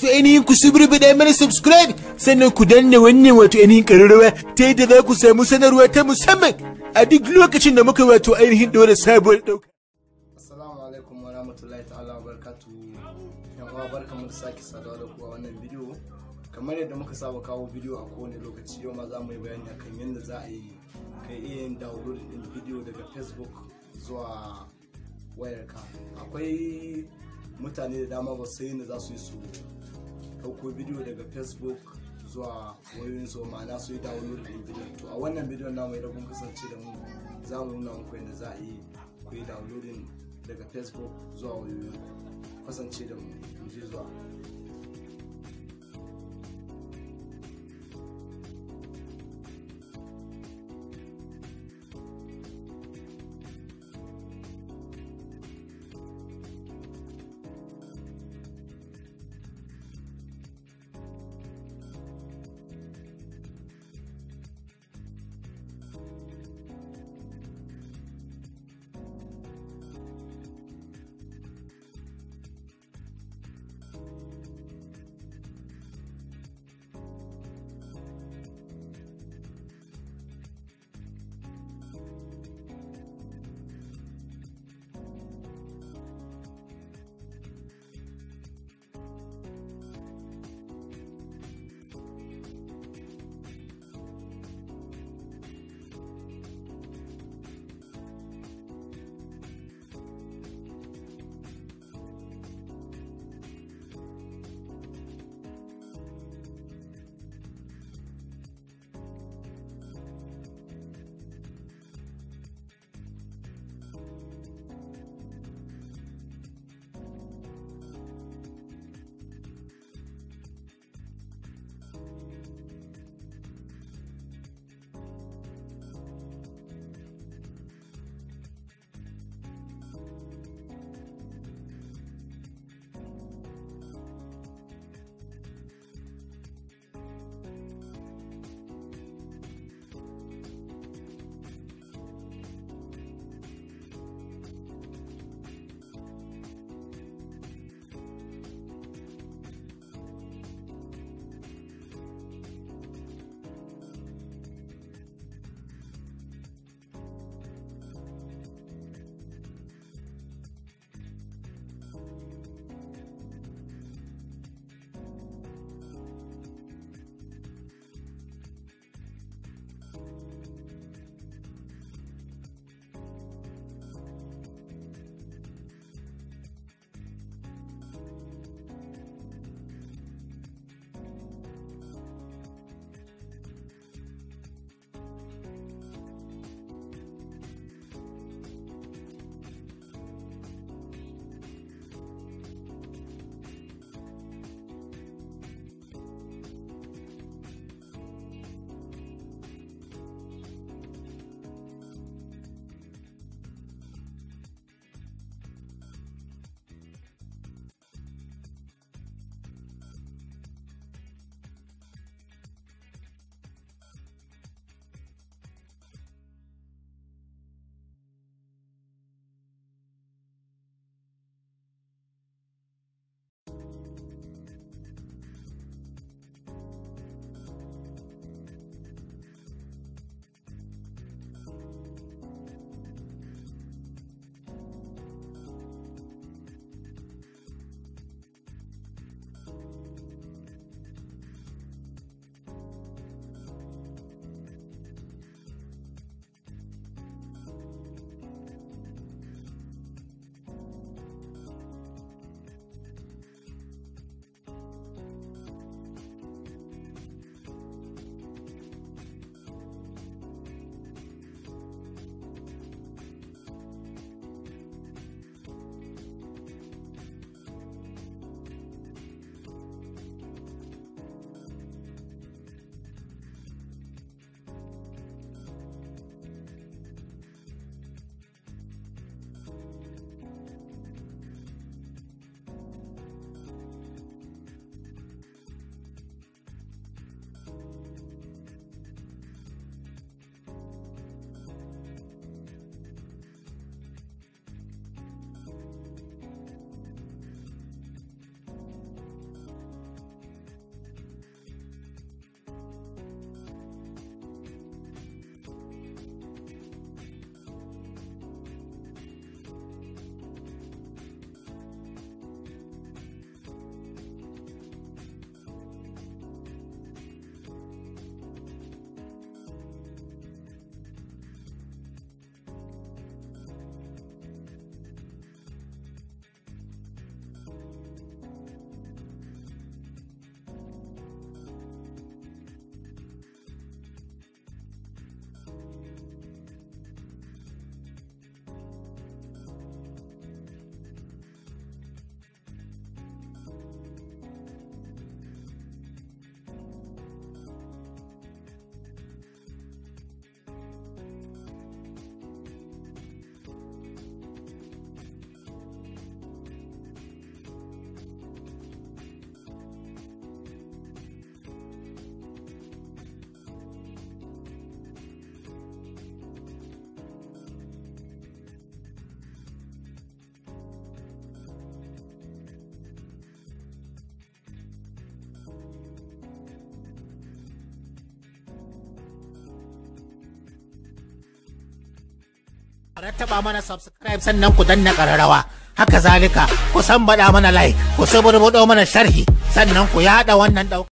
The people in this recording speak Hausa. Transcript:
to ainihin ku subrubida mana subscribe sannan ku danne wannan wato ainihin ƙararrawa ta yadda za ku samu sanarwa ta musamman a duk lokacin da muka wato ainihin ɗora sabuwar ɗauka. Assalamu alaikum wa rahmatullahi ta'ala wa barakatu yan barka mu sake saduwa da kuwa wannan bidiyo kamar yadda muka saba kawo bidiyo a kowane lokaci yau ma za mu yi bayani akan yadda za a yi kai iya yin download ɗin bidiyo daga facebook zuwa wayarka akwai mutane da dama ba sai yi da za su yi su dauko bidiyo daga facebook zuwa wayoyin so ma'ana su yi download din bidiyon to a wannan bidiyon na idan kun kasance da mu za mu nuna muku yadda za a yi ku yi downloading daga facebook zuwa wayoyin kasance da mu zuwa taba mana subscribe sannan ku danna kararrawa haka zalika ku san bada mana like ku saburbudo mana sharhi sannan ku yada wannan dauka